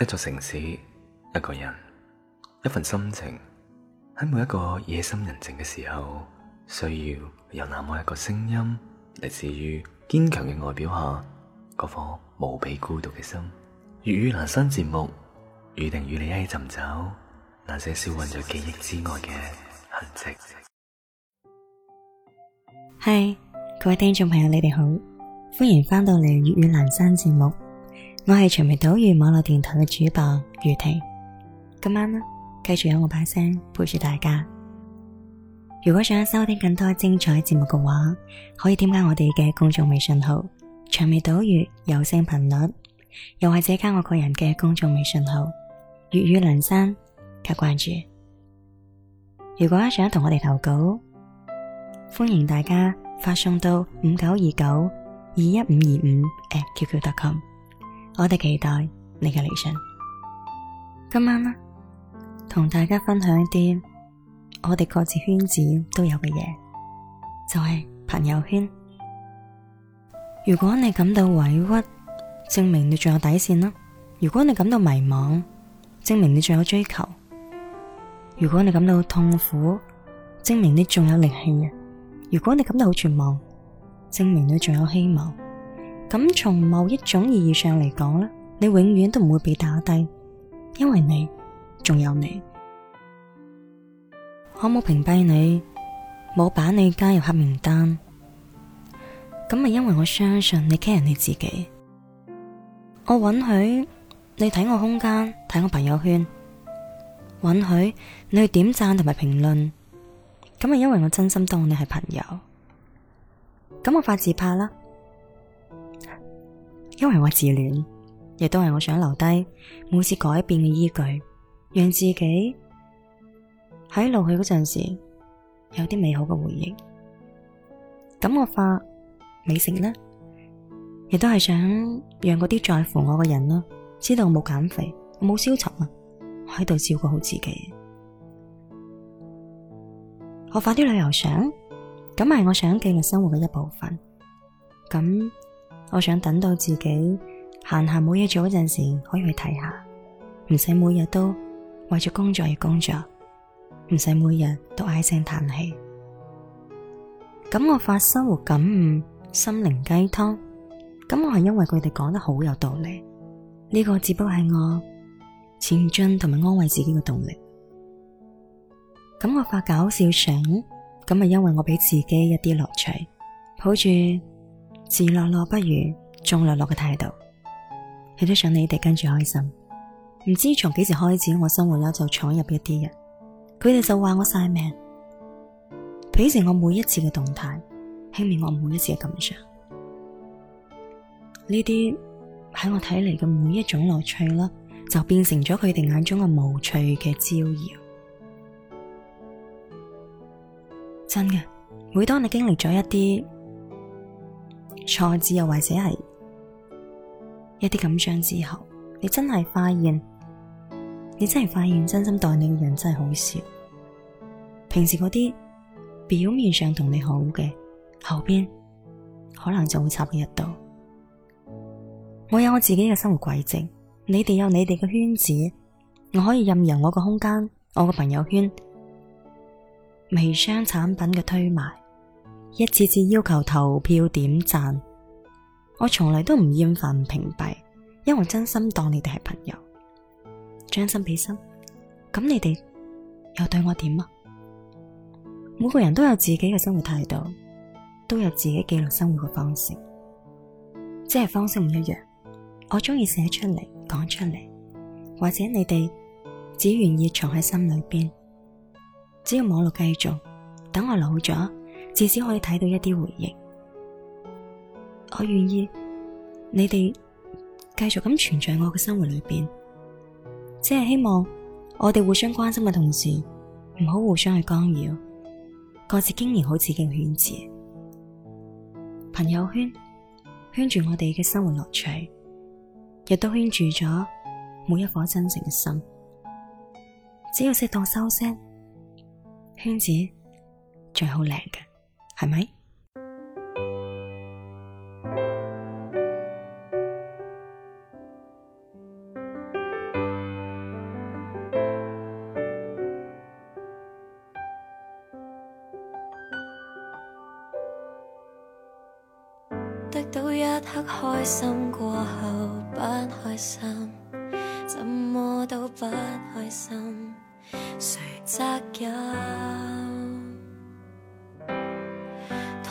一座城市，一個人，一份心情，喺每一個夜深人靜嘅時候，需要有那麼一個聲音，嚟自於堅強嘅外表下，嗰顆無比孤獨嘅心。粵語闌珊節目，預定與你一起尋找那些消隱在記憶之外嘅痕跡。嗨，各位聽眾朋友，你哋好，歡迎翻到嚟粵語闌珊節目。我係長尾島嶼網絡電台嘅主播余婷，今晚呢，繼續由我把聲陪住大家。如果想收聽更多精彩節目嘅話，可以添加我哋嘅公眾微信號“長尾島嶼有聲頻率”，又或者加我個人嘅公眾微信號“粵語梁山”加關注。如果想同我哋投稿，歡迎大家發送到五九二九二一五二五 @QQ.com 我哋期待你嘅理想。今晚啦，同大家分享一啲我哋各自圈子，都有嘅嘢，就係朋友圈。如果你感到委屈，證明你仲有底線啦；如果你感到迷茫，證明你仲有追求；如果你感到痛苦，證明你仲有力氣啊；如果你感到好絕望，證明你仲有希望。咁從某一種意義上嚟講咧，你永遠都唔會被打低，因為你仲有你。我冇屏蔽你，冇把你加入黑名單，咁係因為我相信你 care 你自己。我允許你睇我空間，睇我朋友圈，允許你去點讚同埋評論，咁係因為我真心當你係朋友。咁我發自拍啦。因為我自戀，亦都係我想留低每次改變嘅依據，讓自己喺老去嗰陣時有啲美好嘅回憶。咁我發美食咧，亦都係想讓嗰啲在乎我嘅人啦，知道我冇減肥，我冇消沉啊，喺度照顧好自己。我發啲旅遊相，咁係我想記錄生活嘅一部分。咁。我想等到自己閒閒冇嘢做嗰陣時，可以去睇下，唔使每日都為咗工作而工作，唔使每日都唉聲嘆氣。咁我發生活感悟、心靈雞湯，咁我係因為佢哋講得好有道理。呢個只不過係我前進同埋安慰自己嘅動力。咁我發搞笑相，咁係因為我俾自己一啲樂趣，抱住。自樂樂不如眾樂樂嘅態度，亦都想你哋跟住開心。唔知從幾時開始，我生活啦就闖入一啲人，佢哋就話我曬命，鄙視我每一次嘅動態，輕蔑我每一次嘅感想。呢啲喺我睇嚟嘅每一種樂趣啦，就變成咗佢哋眼中嘅無趣嘅招搖。真嘅，每當你經歷咗一啲。挫折又或者係一啲感傷之後，你真係發現，你真係發現真心待你嘅人真係好少。平時嗰啲表面上同你好嘅，後邊可能就會插佢一刀。我有我自己嘅生活軌跡，你哋有你哋嘅圈子，我可以任由我個空間，我個朋友圈，微商產品嘅推賣。一次次要求投票點讚，我從來都唔厭煩屏蔽，因為真心當你哋係朋友，將心比心，咁你哋又對我點啊？每個人都有自己嘅生活態度，都有自己記錄生活嘅方式，即係方式唔一樣。我中意寫出嚟，講出嚟，或者你哋只願意藏喺心裏邊。只要網絡繼續，等我老咗。至少可以睇到一啲回應，我願意你哋繼續咁存在我嘅生活裏邊，只係希望我哋互相關心嘅同時，唔好互相去干擾，各自經營好自己嘅圈子。朋友圈圈住我哋嘅生活樂趣，亦都圈住咗每一顆真誠嘅心。只要適當收聲，圈子仲係好靚嘅。係咪？ 係咪得到一刻開心過後唔開心，點解都唔開心，邊個責任？